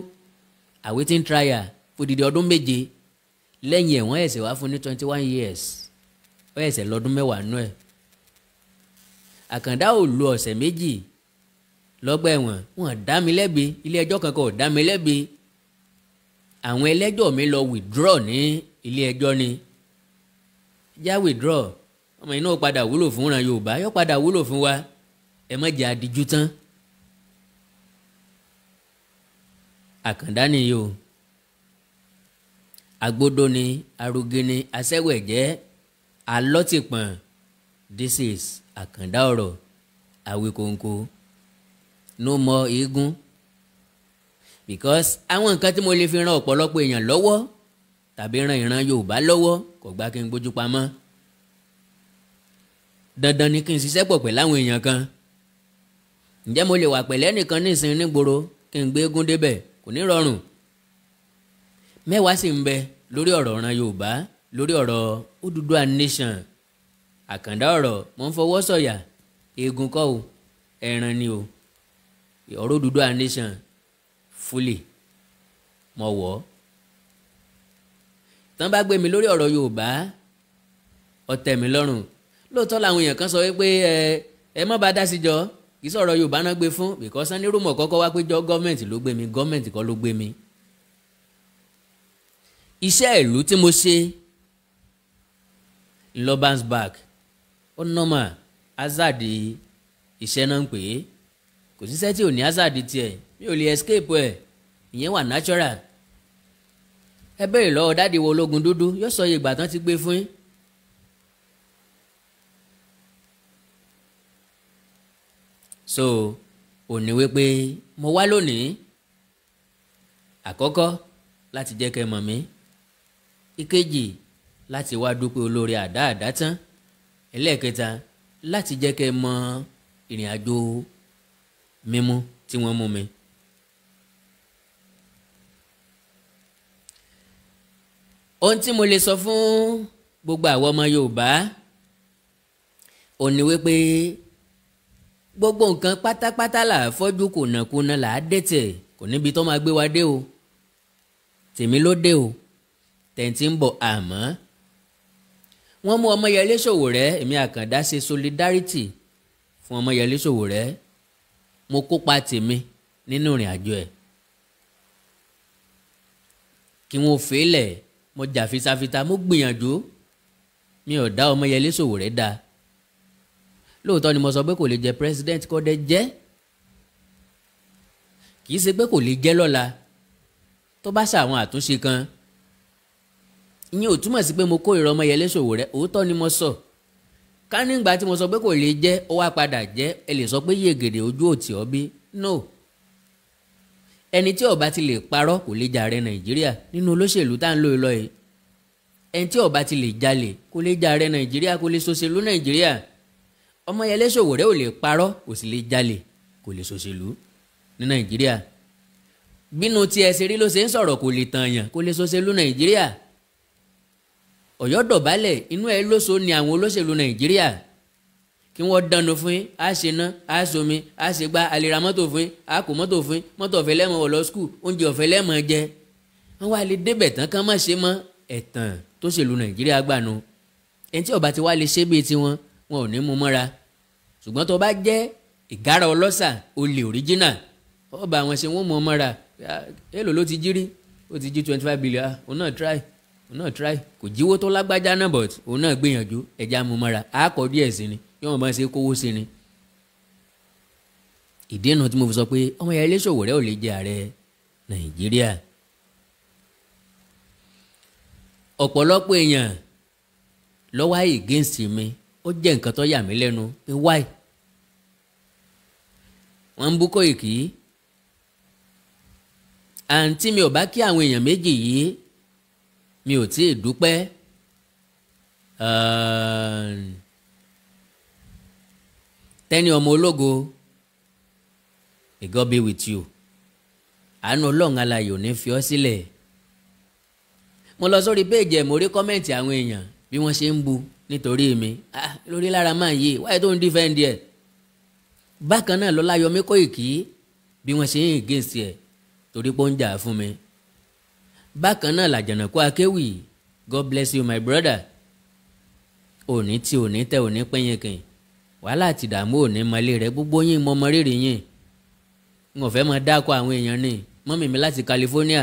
awaiting trial fòdìdí ọdún méje lẹ́yìn ẹ̀ wọ́n ẹ̀sẹ̀ wá fún ní twenty one years ó ẹ̀sẹ̀ lọ́dún mẹ́wàá nú ẹ̀. àkàndá ò lo ọ̀sẹ̀ méjì lọ́gbà ẹ̀wọ̀n wọn dá mi lẹ́bi ilé ẹjọ́ kankan ò dá mi lẹ́bi àwọn ẹlẹ́jọ́ mi lọ withdraw ní ilé ẹjọ́ ni já withdraw ọmọ yìí náà padà wúlò fún ran Yorùbá yóò padà wúlò fún wa ẹ má jẹ́ àdíjú tán Àkàndá nìyí o agbódó ni arugi ni asẹ́wẹ̀jẹ́ alọ́tìpọ̀n this is Àkàndá ọ̀rọ̀ Àwíkọ́nkọ́ no more eégún because àwọn nǹkan tí mo lè fi ran ọ̀pọ̀lọpọ̀ èèyàn lọ́wọ́ tàbí ran ìran Yorùbá lọ́wọ́ kò gbà kí n gbójú pamọ́ dandan ni kí n ṣiṣẹ́ pọ̀ pẹ̀lú àwọn èèyàn kan ǹjẹ́ mo lè wà pẹ̀lẹ́ nìkan ní ìsìn nígboro kí n gbé eégún débẹ̀ kò ní rọrùn mẹ́wàá sì ń bẹ lórí ọ̀rọ̀ ọ̀ràn Yorùbá lórí ọ̀rọ̀ Odùduwà nation àkàndá ọ̀rọ̀ mo ń fọwọ́ sọ̀yà eegun kọ́ o ẹran ni o ọ̀rọ̀ Odùduwà nation fúlì mọ̀wọ́ tán bá gbé mi lórí ọ̀rọ̀ Yorùbá ọ̀tẹ̀ mi lọ́rùn lóòótọ́ làwọn èèyàn kan sọ wípé ẹ ẹ má bá dá sí jọ kì í sọ̀rọ̀ Yorùbá náà gbé fún because ní rúmọ̀ kọ́kọ́ wá pé jọ gọ́ọ̀mẹ̀ntì ló gbé mi gọ́ọ̀mẹ̀ntì kọ́ ló gbé mi. iṣẹ́ ìlú tí mo ṣe lọ bounce back ó nọ́mà azadi iṣẹ́ náà ń pè é kò síṣẹ́ tí ò ní azadi tiẹ̀ mi ò lè escape ẹ̀ ìyẹn wà natural ẹ béèrè lọ́wọ́ dáàdi wo ológun dúdú yóò sọ ìgbà tán ti gbé fún yín. so òní wípé mo wá lónìí àkọ́kọ́ láti jẹ́ kẹ́ mọ̀ mí ìkejì láti wá dúpẹ́ olórí àdá tán ẹlẹ́ẹ̀kẹta láti jẹ́ kẹ́ mọ̀ ìrìn àjò mímú tí wọ́n mú mi. ohun tí mo lè sọ fún gbogbo àwọn ọmọ Yorùbá òun ni wípé gbogbo nǹkan pátápátá là á fọ́jú kùnàkùnà là á dẹ̀tẹ̀ kò níbi tó máa gbé wa dé o tèmi ló dé o tẹ̀ǹtì ń bọ̀ àmọ́ wọ́n mú Ọmọyẹlé Sowore èmi Àkàndá ṣe solidarity fún Ọmọyẹlé Sowore mo kópa tèmi nínú ìrìn àjò ẹ̀ kí wọ́n fèélẹ̀ mo jà fitafita mo gbìyànjú mi ò dá Ọmọyẹlé Sowore dáa lóòótọ́ ni mo sọ pé kò lè jẹ president kó dé jẹ́ kì í ṣe pé kò lè jẹ́ lọ́la tó bá ṣàwọn àtúnṣe kan ìyẹn ò túmọ̀ sí pé mo kórìíra Ọmọyẹlé Sowore òótọ́ ni mo sọ ká nígbà tí mo sọ pé kò lè jẹ́ ó wá padà jẹ́ ẹ lè sọ pé yègèdè ojú òtí ọ bí no ẹni tí ó bá ti lè parọ́ kò lè jàre nàìjíríà nínú olóṣèlú tá à ń lò lọ yìí ẹni tí ó bá ti lè jalè kò lè jàre nàìjíríà kò lè ṣòṣèlú nàìjíríà Ọmọyẹlé Sowore ò lè parọ́ kò sì lè jalè kò lè ṣòṣèlú ní nàìjíríà bínú tí ẹ ṣe rí ló ṣe ń sọ̀rọ̀ kò lè tànyàn kò lè ṣòṣèlú nàìjíríà Ọ̀yọ́ inú ẹ lóso ni àwọn olóṣèlú nàìjíríà kí wọ́n dánu fún yín á ṣe ná á somi á ṣe gba àlèrà mọ́tò fún yín á kó mọ́tò fún yín mọ́tò ọ̀fẹ́ lẹ́mọ̀ wọ̀ lọ skul oúnjẹ ọ̀fẹ́ lẹ́mọ̀ jẹ. wọ́n wá lè débẹ̀ tán kán má ṣe mọ́ ẹ̀tàn tó ṣèlú nàìjíríà gbànú ẹni tí ọba ti wá lè ṣe bíi tiwọn wọn ò ní mú mọ́ra ṣùgbọ́n tó bá jẹ́ ìgárá ọlọ́ṣà olè original ọba àwọn ṣe wọ́n mú mọ́ra èèlò ló ti jí ó ti jí twenty five billion òun náà try òun náà try kò jíwó tó lágbájá náà but òun náà gbìyànjú ẹja mú mọ́ra àákọ́ díẹ̀ sí ni yọmọ bá ṣe kówó sí ni ìdí ìnà tí mo fi sọ pé ọmọ ìyá iléṣòwò rẹ ò lè jẹ ààrẹ nàìjíríà ọ̀pọ̀lọpọ̀ èèyàn lọ́wọ́ against mi ó jẹ́ nǹkan tó yà mí lẹ́nu pé why wọ́n ń bú Kóìkì àǹtí mi ò bá kí àwọn èèyàn méjì yìí mi ò tí ì dúpẹ́. Uh, tẹ́ni ọmọ ológo may God be with you àánú ọlọ́run alayò ní fi ọ́ sílẹ̀ mo lọ sórí péèjì mo rí kọ́mẹ̀ntì àwọn èèyàn bí wọ́n ṣe ń bu nítorí mi ah lórí lára máa yé wáyé tó ń dífẹ́ǹdì ẹ̀ bákan náà Lọ́láyọmí Kóìkí bí wọ́n ṣe ń against ẹ̀ torí pé ó ń jà fún mi bákan náà làjànàkú akéwì God bless you my brother òní tí òní tẹ òní pẹ́yìn wàhálà àti ìdààmú ò ní mọlé rẹ gbogbo yín mọ ọmọ rírì yín n ò fẹ́ mọ dáko àwọn èèyàn ni mọ́mì mi láti California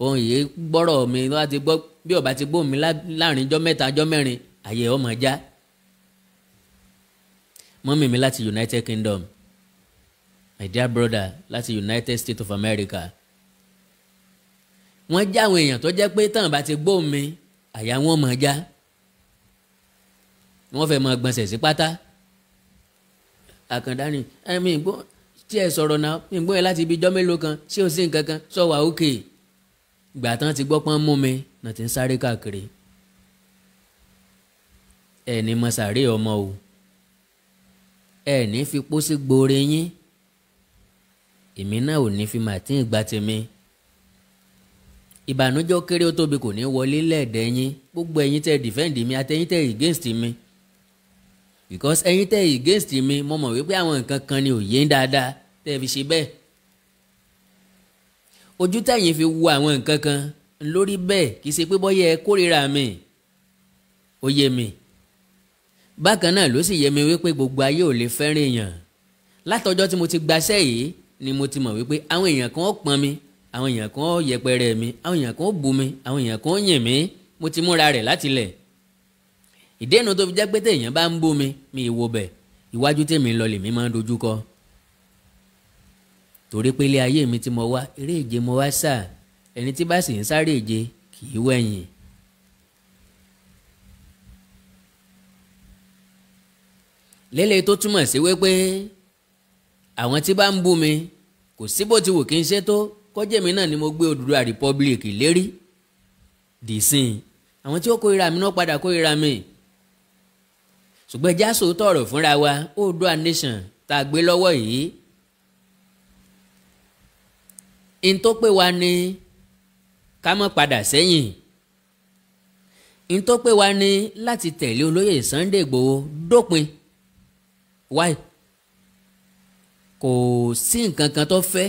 òun yìí gbọ́rọ̀ mi láti gbọ́ bí ọba ti gbóhùn mi láàrin jọ́ mẹ́ta jọ́ mẹ́rin àyè ọmọ já mọ́mì mi láti United Kingdom my dear brother láti United States of America wọ́n já àwọn èèyàn tó jẹ́ pé tán bá ti gbóhùn mi àyà wọn mọ̀ já wọ́n fẹ́ mọ gbọ̀nsẹ̀ sí pátá. Si àkàndá ni ẹ̀mí gbọ́ tí ẹ sọ̀rọ̀ náà mi gbọ́ yẹn láti ibi ijọ́ mélòó kan ṣé o sì ń kankan sọ wà ókè ìgbà tán ti gbọ́ pọ́n mú mi náà ti ń sáré káàkiri ẹ ní mọ sàárè ọmọ o ẹ ní fi pósí gbóore yín èmi náà ò ní fi màtí ìgbà tèmi ìbànújẹ́ kéré ó tóbi kò ní wọlé lẹ́ẹ̀dẹ́ yín gbogbo ẹ̀yin tẹ́ dìfẹ́ǹdì mi àtẹ̀yin tẹ́ against mi because ẹ̀yin tẹ́ against mi mo mọ̀ wípé àwọn nǹkan kan ni òye ń dáadáa tẹ́ ẹ fi ṣe bẹ́ẹ̀ ojú tẹ̀yin fi wo àwọn nǹkan kan lórí bẹ́ẹ̀ kì í ṣe pé bọ́yẹ ẹ kórìíra mi ó yé mi bákan náà ló sì yé mi wípé gbogbo ayé ò lè fẹ́ràn èèyàn látọjọ́ tí mo ti gbaṣẹ́ yìí ni mo ti mọ̀ wípé àwọn èèyàn kan ó pọn mi àwọn èèyàn kan ó yẹpẹrẹ mi àwọn èèyàn kan ó bu mi àwọn èèyàn kan ó yìn mí mo ti múra rẹ̀ látilẹ̀ ìdẹ́nu tó fi jẹ́ pé téèyàn bá ń bómi mi ìwo bẹ̀ ìwájú tèmi lọ lèmi máa ń dojú kọ torí pé ilé ayé mi tí mo wá eré ìje mo wá sà ẹni tí bá sì ń sáré ìje kì í wẹ̀yìn. lélẹ̀ tó túmọ̀ sí wípé àwọn tí bá ń bú kò sí bó ti wù kí n ṣe tó kọ́jẹ́mi náà ni mo gbé Odùduwà republic lérí dìísìn àwọn tí ó kórìíra mi náà padà kórìíra mi ṣùgbọ́n ẹja sòótọ́ ọ̀rọ̀ fúnra wa Oòduà nation tá a gbé lọ́wọ́ yìí in tó pé wa ni ká má padà sẹ́yìn in tó pé wa ni láti tẹ̀lé olóyè Sunday Igboho dópin wáì kò sí nǹkan kan tó fẹ́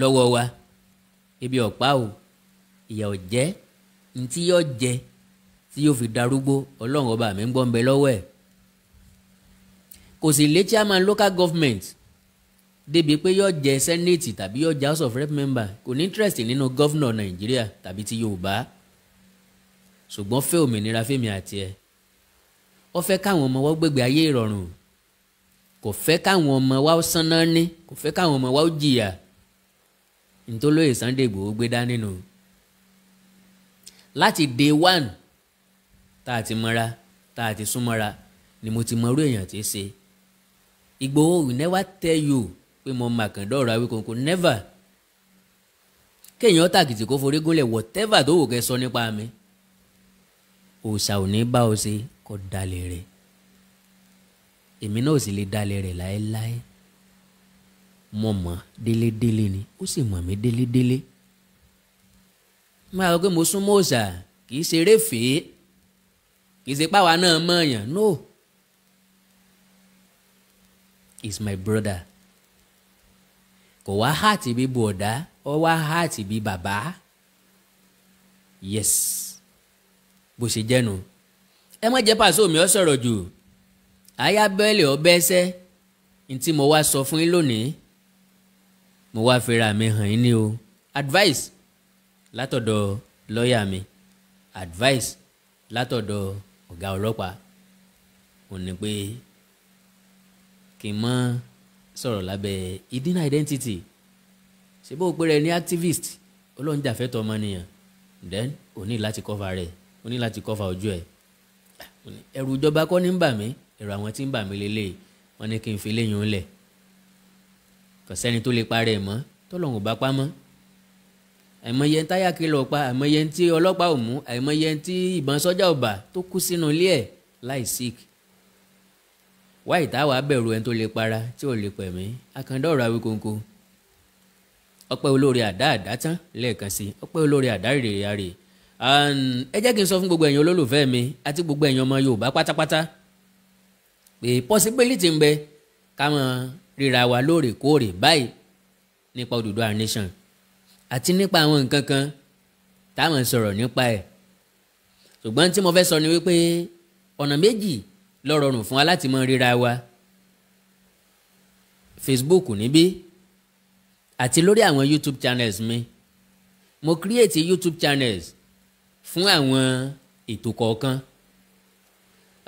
lọ́wọ́ wa ibi ọ̀pá o ìyà ò jẹ́ ntí yóò jẹ tí yóò fi darúgbó ọlọ́run ọba mi ń gbọ́ ń bẹ lọ́wọ́ ẹ̀ kò sì lé chairman local government débi pé yóò jẹ senate tàbí yóò jẹ house of rep member kò ní interest nínú governor nàìjíríà tàbí ti yorùbá ṣùgbọ́n fẹ́ òmìnira fẹ́mi àti ẹ̀ ó fẹ́ káwọn ọmọ wa gbégbé ayé ìrọ̀rùn kò fẹ́ káwọn ọmọ wa sanná ní kò fẹ́ káwọn ọmọ wa jìyà ntolóye Sunday Igboho gbé dání nù láti day one tá a ti mọ́ra tá a ti súnmọ́ra ni mo ti mọ irú èèyàn tí í ṣe Igboho will never tell you pé mo mà kàn dọ̀rọ̀ Awíkọ́nkọ́ never kéèyàn tàkìtì kó forí gólẹ̀ whatever tó wò kẹ́ sọ nípa mi òòṣà ò ní bá o ṣe kó dalẹ̀ rẹ̀ èmi náà ò sì lè dalẹ̀ rẹ̀ láéláé mo mọ̀ délédélé ni ó sì mọ̀ mí délédélé máa rò pé mo súnmọ́ òòṣà kì í ṣeré fèé kì í ṣe páwa náà mọ̀ no is my brother kò wá hàtì bí bọ̀dá ó wá hàtì bí bàbá yes bó ṣe jẹ́nu ẹ má jẹ́ pàṣẹ omi ọ sọ̀rọ̀ jù àyà bẹ́ẹ̀lì ọ bẹ́ẹ́sẹ́ ní tí mo wá sọ fún yín lónìí mo wá fira mi hàn yín ní o advice látọ̀dọ̀ lọ́ọ̀yà mi advice látọ̀dọ̀ ọ̀gá ọlọ́pàá ò ní pé kí n mọ́ sọ̀rọ̀ lábẹ́ ìdínà identity ṣe bó o pé rẹ ní activist olóhùn ọmọnìyàn then o ní láti kọ́fà rẹ o ní láti kọ́fà ojú ẹ ẹ̀rù ìjọba kọ́ ní ń bà mí ẹ̀rù àwọn tí ń bà mí lélẹ̀ wọ́n ní kí n fi léyìn ńlẹ̀ kò sẹ́ni tó lè parẹ́ mọ́ tọ́lọ́hùn bá pamọ́ àìmọye táyà kí pa àìmọye ń ọlọ́pàá ò mú àìmọye ń ìbọn sọ́jà ò bà tó kú sínú ilé ẹ̀ láì síkì wá ìtawà bẹ̀rù ẹni tó lè para tí ò lè pẹ̀mí akandọ́rọ̀ Awíkonko ọpẹ́ olóore àdá àdá tán lẹ́ẹ̀kan sí ọpẹ́ olóore àdá rèrè àrè ẹ jẹ́ kí n sọ fún gbogbo ẹ̀yin olólùfẹ́ mi àti gbogbo ẹ̀yin ọmọ Yorùbá pátápátá pé possibility ń bẹ káwọn ríra wa lóòrèkóòrè báyìí nípa Odùduwà nation àti nípa àwọn nǹkan kan táwọn sọ̀rọ̀ nípa ẹ̀ ṣùgbọ́n tí mo fẹ́ sọ ni wípé ọ̀nà méjì ló rọrùn fún wa láti mọ ríra wa Facebook níbí àti lórí àwọn YouTube channels mi mo create YouTube channels fún àwọn ètò kọ̀ọ̀kan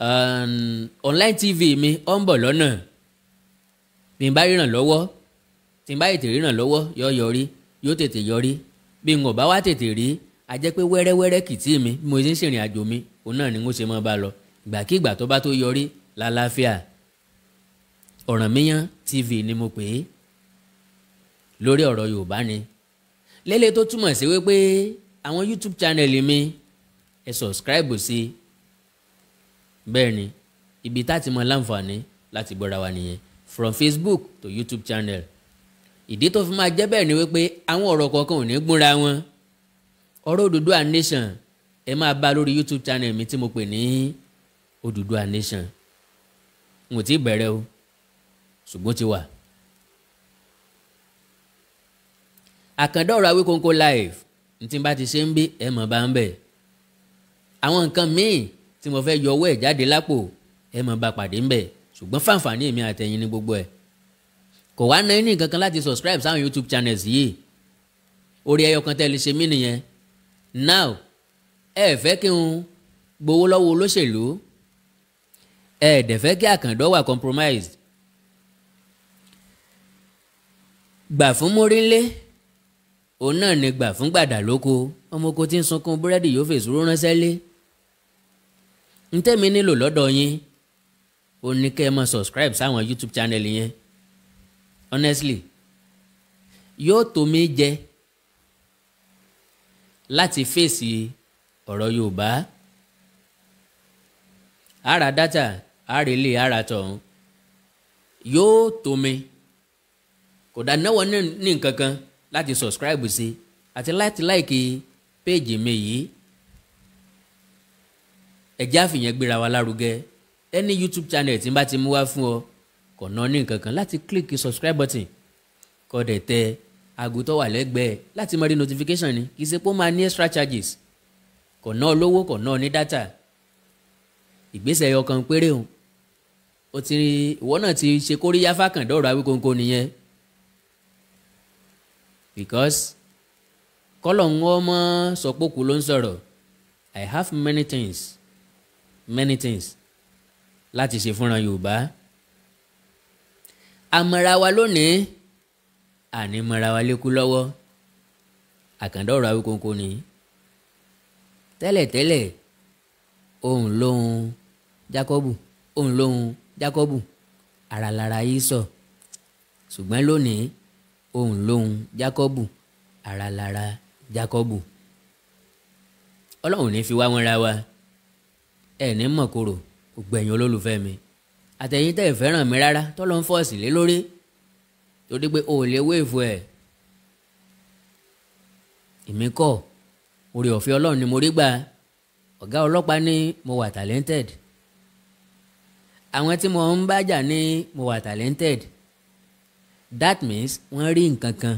um, online TV mi ó ń bọ̀ lọ́nà bí n bá ríran lọ́wọ́ tí n bá tètè ríran lọ́wọ́ yọ yọrí yóò tètè yọrí bí n ò bá wá tètè rí a jẹ́ pé wẹ́rẹ́wẹ́rẹ́ kìtì mi bí mo ṣe ń ṣèrìn àjò mi òun náà ni mo ṣe máa bá lọ gbàkígbà tó bá tó yọrí lálàáfíà Ọ̀rànmíyàn TV ni mo pè é lórí ọ̀rọ̀ Yorùbá ni lélẹ̀ tó túmọ̀ sí wípé àwọn YouTube channel mi ẹ e subscribe sí bẹ́ẹ̀ ni ibi tá ti mọ láǹfààní láti gbọ́ra wa nìyẹn from Facebook to YouTube channel ìdí tó fi máa jẹ́ bẹ́ẹ̀ ni wípé àwọn ọ̀rọ̀ kọ̀ọ̀kan ò ní gbúnra wọn ọ̀rọ̀ Odùduwà Nation ẹ máa bá lórí YouTube channel mi tí mo pè ní Odùduwà nation n ò tí ì bẹ̀rẹ̀ o ṣùgbọ́n ti wà. àkàndá ọ̀rọ̀ Awíkonko live ní tí n bá ti ṣe ń bí ẹ mọ̀ bá ń bẹ̀. àwọn nǹkan míì tí mo fẹ́ yọ ẹ̀ jáde lápò ẹ mọ̀ bá pàdé ń bẹ̀ ṣùgbọ́n fàǹfààní mi àtẹ̀yìn ní gbogbo ẹ̀. kò wá náà ní kankan láti subscribe sáwọn YouTube channels yìí orí ẹyọ kan tẹ́lẹ̀ ṣe mí nìyẹn now ẹ fẹ́ kí n gbowó lọ́wọ́ olóṣèlú ẹ dẹ̀ fẹ́ kí àkàndọ́ wà compromised gbà fún mórílé òun náà ni gbà fún gbàdà lóko ọmọ oko tí ń sunkún búrẹ́dì yóò fèsúró ránṣẹ́ lé ntẹ́mi nílò lọ́dọ̀ yín ó ní kẹ́ ẹ máa subscribe sáwọn YouTube channel yẹn honestly yóò tó mi jẹ láti fèsì ọ̀rọ̀ Yorùbá ara dátà àrèlè àràtọ̀ ọ̀hún yóò tó mi kò dá náwó ní nǹkan kan láti subscribe sí àti láti láìkì page mi yìí ẹjẹ́ àfihàn gbéra wa lárugẹ ẹni YouTube channel tí n bá ti mú wá fún ọ kò ná ní nǹkan láti click subscribe button kó dẹ̀ tẹ aago tó wà lẹ́gbẹ̀ẹ́ láti máa rí notification ni kì í ṣe pé ó máa ní extra charges kò ná olówó kò ná ní data ìgbésẹ̀ ẹyọ kan péré o o ti ìwọ náà ti ṣe kóríyá fákàndọ́rọ̀ Awíkonko nìyẹn because kọ́lọ̀ ń wọ́n mọ́ ló ń sọ̀rọ̀ I have many things many things láti ṣe fúnra Yorùbá àmọ̀ra wa lónìí àní mọ̀ra wa lékú lọ́wọ́ àkàndọ́rọ̀ Awíkonko ni tẹ́lẹ̀tẹ́lẹ̀ ohun lóhun. Jákọ́bù òun lóhun Jákọ́bù ara lára Ísọ̀ ṣùgbọ́n lónìí òun lóhun Jákọ́bù ara lára Jákọ́bù ọlọ́run ní fi wá wọn ra wa ẹ ní mọ̀kòrò ògbẹ̀yìn olólùfẹ́ mi àtẹ̀yìn tẹ̀ fẹ́ràn mi rárá tọ́lọ́ ń fọ́ọ̀sì lé lórí torí pé o ò lè wéèfù ẹ̀ èmi kọ́ oore ọ̀fẹ́ ọlọ́run ni mo rí gbà ọ̀gá ọlọ́pàá ní mo wà talented àwọn tí mo ń bájà ní mo wà talented that means wọ́n rí nǹkan kan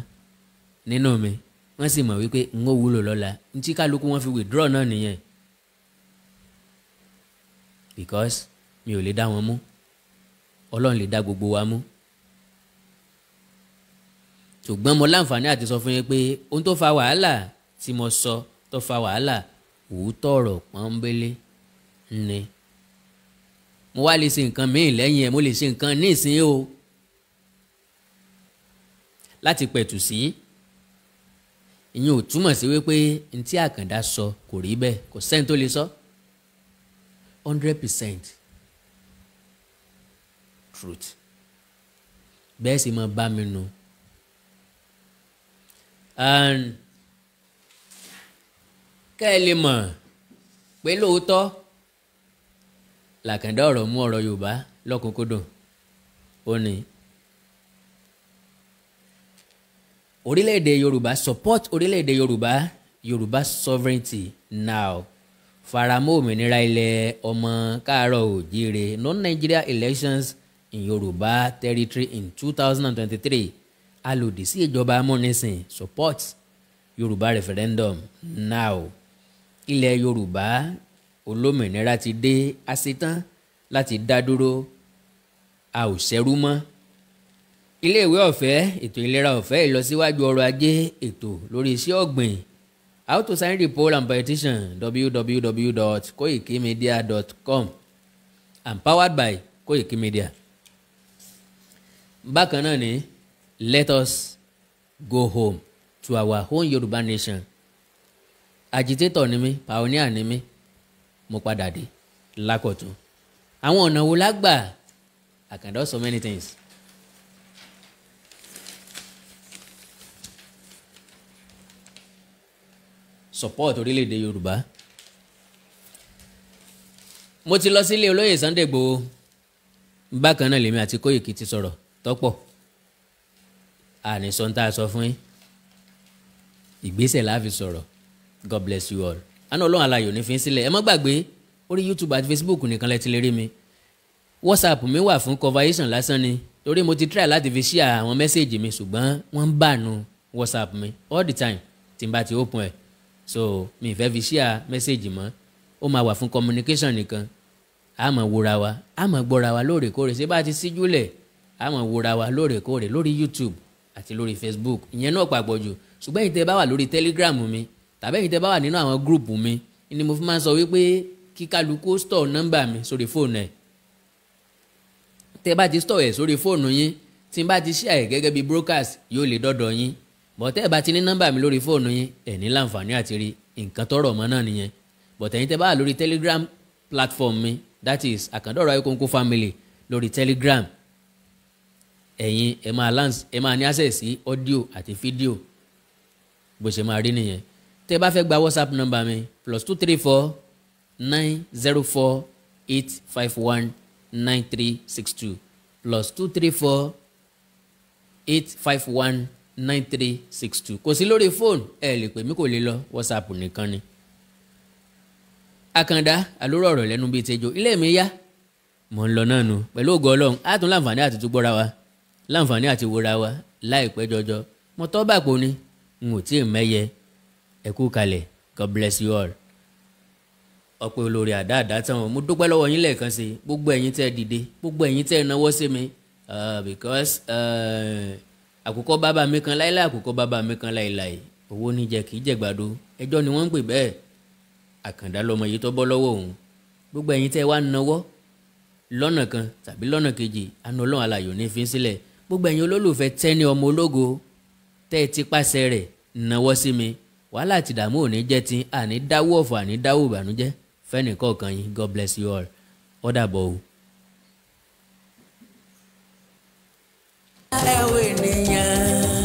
nínú mi wọ́n sì mọ̀ wípé n ó wúlò lọ́la n tí kálukú wọn fi withdraw náà nìyẹn because mi ò lè dá wọn mú ọlọ́run lè dá gbogbo wa mú ṣùgbọ́n mo láǹfààní àti sọ fún yín pé ohun tó fa wàhálà tí mo sọ tó fa wàhálà òótọ́ ọ̀rọ̀ pọ́nbélé ni mo wá lè ṣe nǹkan míì lẹ́yìn ẹ̀ mo lè ṣe nǹkan nísìnyí o láti pẹ̀tù sí ìyẹn ò túmọ̀ sí wípé n tí àkàndá sọ kò rí bẹ́ẹ̀ kò sẹ́ni tó lè sọ hundred percent truth bẹ́ẹ̀ sì máa bá mi nu kẹ́ ẹ lè mọ̀ pé lóòótọ́ làkàndá ọ̀rọ̀ mú ọ̀rọ̀ yorùbá lọ́kùnkúndùn ó ní. orílẹ̀-èdè yorùbá support orílẹ̀-èdè yorùbá yorùbá sovereignty now faramọ́ òmìnira ilẹ̀ ọmọ káàárọ̀ òjíire non-nigeria elections in yorùbá territory in two thousand and twenty-three alòdì sí ìjọba amúnisìn support yorùbá referendum now ilẹ̀ yorùbá olómìnira ti dé a ṣetán láti dá dúró a ò ṣẹ́rú mọ́ iléèwé ọ̀fẹ́ ètò ìlera ọ̀fẹ́ ìlọsíwájú ọrọ̀ ajé ètò lórí iṣẹ́ ọ̀gbìn how to sign report and petition www.koikimedia.com and powered by koikimedia. bákan náà ni let us go home to our own Yorùbá nation agitator ni mí pioneer ni mí mo padà dé lákọ̀tún àwọn ọ̀nà wo lágbà I can do so many things. support orílẹ̀-èdè Yorùbá mo ti lọ sílé olóyè Sunday Igboho bákan náà lèmi àti Kóyèkì ti sọ̀rọ̀ tọ́pọ̀ àníṣọ́ sọ fún yín ìgbésẹ̀ la sọ̀rọ̀ God bless you all àná ọlọ́run alayọ̀ ní fi sílẹ̀ ẹ má gbàgbé orí YouTube àti Facebook nìkan lẹ ti lè rí mi WhatsApp mi wà fún conversation lásán ni torí mo ti try láti fi share àwọn mẹ́sẹ̀gì mi ṣùgbọ́n wọ́n ń bànú WhatsApp mi all the time tí n bá ti open ẹ̀ so mi ì fẹ́ fi share mẹ́sẹ̀gì mọ́ ó máa wà fún communication nìkan a máa wòra wa a máa gbọ́ra wa lóòrèkóòrè ṣé bá ti síjú lẹ̀ a máa wòra wa lóòrèkóòrè lórí YouTube àti lórí Facebook ìyẹn náà pàpọ̀ jù ṣùgbọ́n ìtẹ́ bá wà lórí Telegram mi tàbí ẹ̀yin tẹ́ bá wà nínú àwọn gúrùpù mi ni mo fi máa ń sọ wípé kí kálukú store nọ́mbà mi sórí fóònù ẹ̀ tẹ́ bá ti store ẹ̀ sórí fóònù yín tí n bá ti share ẹ̀ gẹ́gẹ́ bí brokers yóò lè dọ́dọ̀ yín bọ̀tẹ́ ẹ̀ bá ti ní nọ́mbà mi lórí fóònù yín ẹ̀ ní láǹfààní àti rí nǹkan tọrọ ọmọ náà nìyẹn bọ̀tẹ́ ẹ̀yin tẹ́ bá wà lórí telegram platform mi that is àkàndọ̀rọ̀ ayékòǹkò family lórí telegram ẹ̀yin ẹ̀ máa ní access sí audio àti video bó ṣe máa rí nìyẹn tẹ́ bá fẹ́ gba whatsapp number mi plus two three four nine zero four eight five one nine three six two plus two three four eight five one nine three six two kò sí lórí fóònù ẹ lè pè mí kò lè lọ whatsapp nìkan ni. àkàndá àlórò ọ̀rọ̀ lẹ́nu bíi tẹjọ ilé mi yá mọ̀ ń lọ náà nu pẹ̀lú ògo ọlọ́run á tún láǹfààní àti tún gbọ́ra wa láǹfààní àti wòra wa láìpẹ́ jọjọ mọ̀tọ́ bàpò ni n ò tí ì mẹ́yẹ ẹ kú kalẹ̀ God bless you all ọ̀pẹ olórí àdáàdá tán mo dúpẹ́ lọ́wọ́ yín lẹ́ẹ̀kan sí gbogbo ẹ̀yin tẹ́ ẹ dìde gbogbo ẹ̀yin tẹ́ ẹ náwó sí mi uh, because uh, àkùkọ bàbá mi kan láéláé àkùkọ bàbá mi kan láéláé owó níjẹ kì í jẹ̀gbàdo ẹjọ́ ni wọ́n ń pè bẹ́ẹ̀ àkàndá lọmọ yìí tó bọ́ lọ́wọ́ òun gbogbo ẹ̀yin tẹ́ ẹ wá náwó lọ́nà kan tàbí lọ́nà kejì àna ọlọ́run alayò ní wàhálà àti ìdààmú ò ní jẹ́ tí àní dáwọ́ ọ̀fọ̀ àní dáwọ́ ìbànújẹ́ fẹ́nìkọ̀ọ̀kan yín God bless you all ó dàbọ̀ o. ẹ̀wọ̀ ènìyàn.